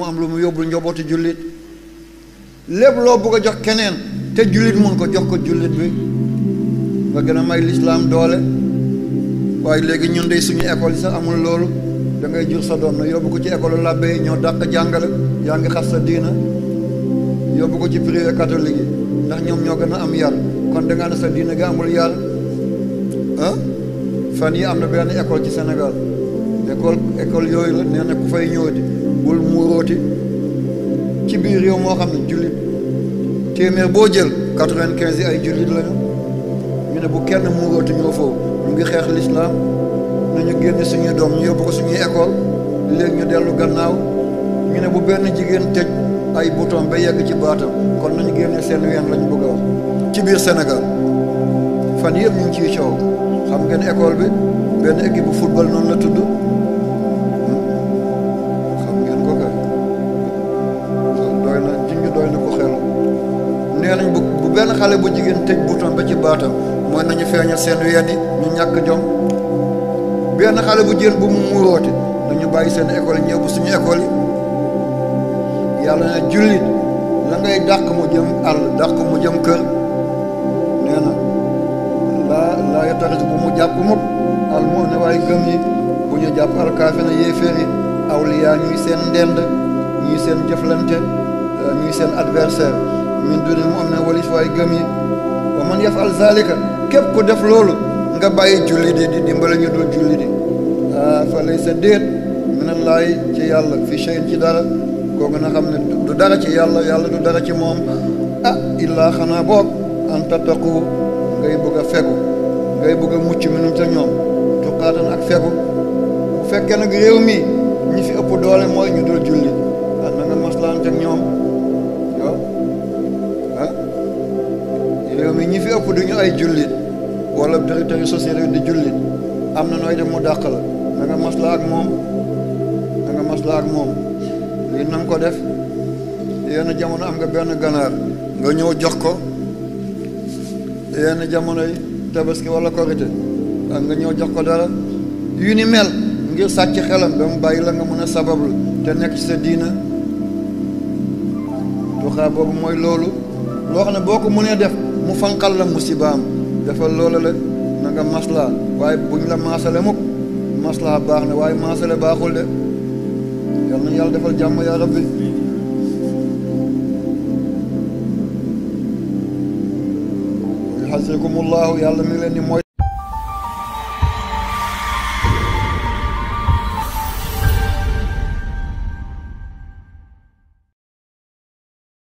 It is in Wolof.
mu am lu mu yóbbul njobootu jullit lépp loo bugg a jox keneen te jullit mun ko jox ko jullit bi nga gën a may lislaam doole waaye léegi ñun de suñu école yi sax amul loolu dangay jur sa doom na yóbbu ko ci école làbbe yi ñoo dàq jàngale yaa ngi xas sa diina yóbbu ko ci privé catholique yi ndax ñoom ñoo gën a am yàll kon da nga sa diina ga amul yar fan yi am na benn école ci Sénégal école école yooyu la nee na ku fa ñëwati bul muurooti ci biir yow moo xam ne jullit téeméer boo jël quatre quinze yi ay jullit lañu ñu ne bu kenn muurooti ñoo foofu ñu ngi xeex lislaam nañu génn suñuy doom ñu yóbbu ko suñuy école léegi ñu dellu gannaaw ñu ne bu jigéen tëj ay bouton ba yegg ci baatam kon nañu génne seen ween lañu bëgg a wax ci biir Sénégal fan yëpp ñu ngi xam ngeen école bi benn équipe bu football noonu la tudd benn xale bu jigéen tëj ba ci baatam mooy nañu feeñal seen ween yi ñu ñàkk jom benn xale bu jigéen bu mu muuroote nañu bàyyi seen école yi ñëw suñu école yi yàlla na jullit la ngay dàq mu jëm kër nee na laa laa ya taxit bu mu jàpp mukk àll moo ne waaye gëm yi bu ñu jàpp alkaafe na yéeféer yi awliyaa ñuy seen ndend ñuy seen jëflante euh, ñuy seen adversaire min duni mu am na walis waay gëm yi man yafal zalika képp ku def loolu nga bàyyi julli di di dimbale ñu dul julli di ah fa lay sa déet minallahi ci yàlla fi shay'in ci dara kooku na xam ne du dara ci yàlla yàlla du dara ci moom ah illaa xanaa boog an tattaqu ngay bëgg a fegu ngay bëgg a mucc minum ca ñoom tuqaatan ak fegu bu fekkee nag réew mi ñi fi ëpp doole mooy ñu dul julli ah na nga maslaante ak ñoom waaw ëpp duñu ay jullit walla territoire social di jullit am na nooy def mu dàq la da nga masla ak moom da nga masla ak moom lii na ko def yenn jamono am nga benn ganaar nga ñëw jox ko yenn jamono yi tabaski wala korite nga ñëw jox ko dara yu ni mel ngir sàcc xelam ba mu bàyyi la nga mën a sabablu te nekk ci sa diina tuxaa boobu mooy loolu loo xam ne boo ko mënee def mu fanqal la musibaam dafa loola la na nga maslaa waaye buñ la maasale mukk maslaa baax na waaye maasale baaxul de yal na yàlla defal jàmm yaa rabbi yàlla mi leen di mooy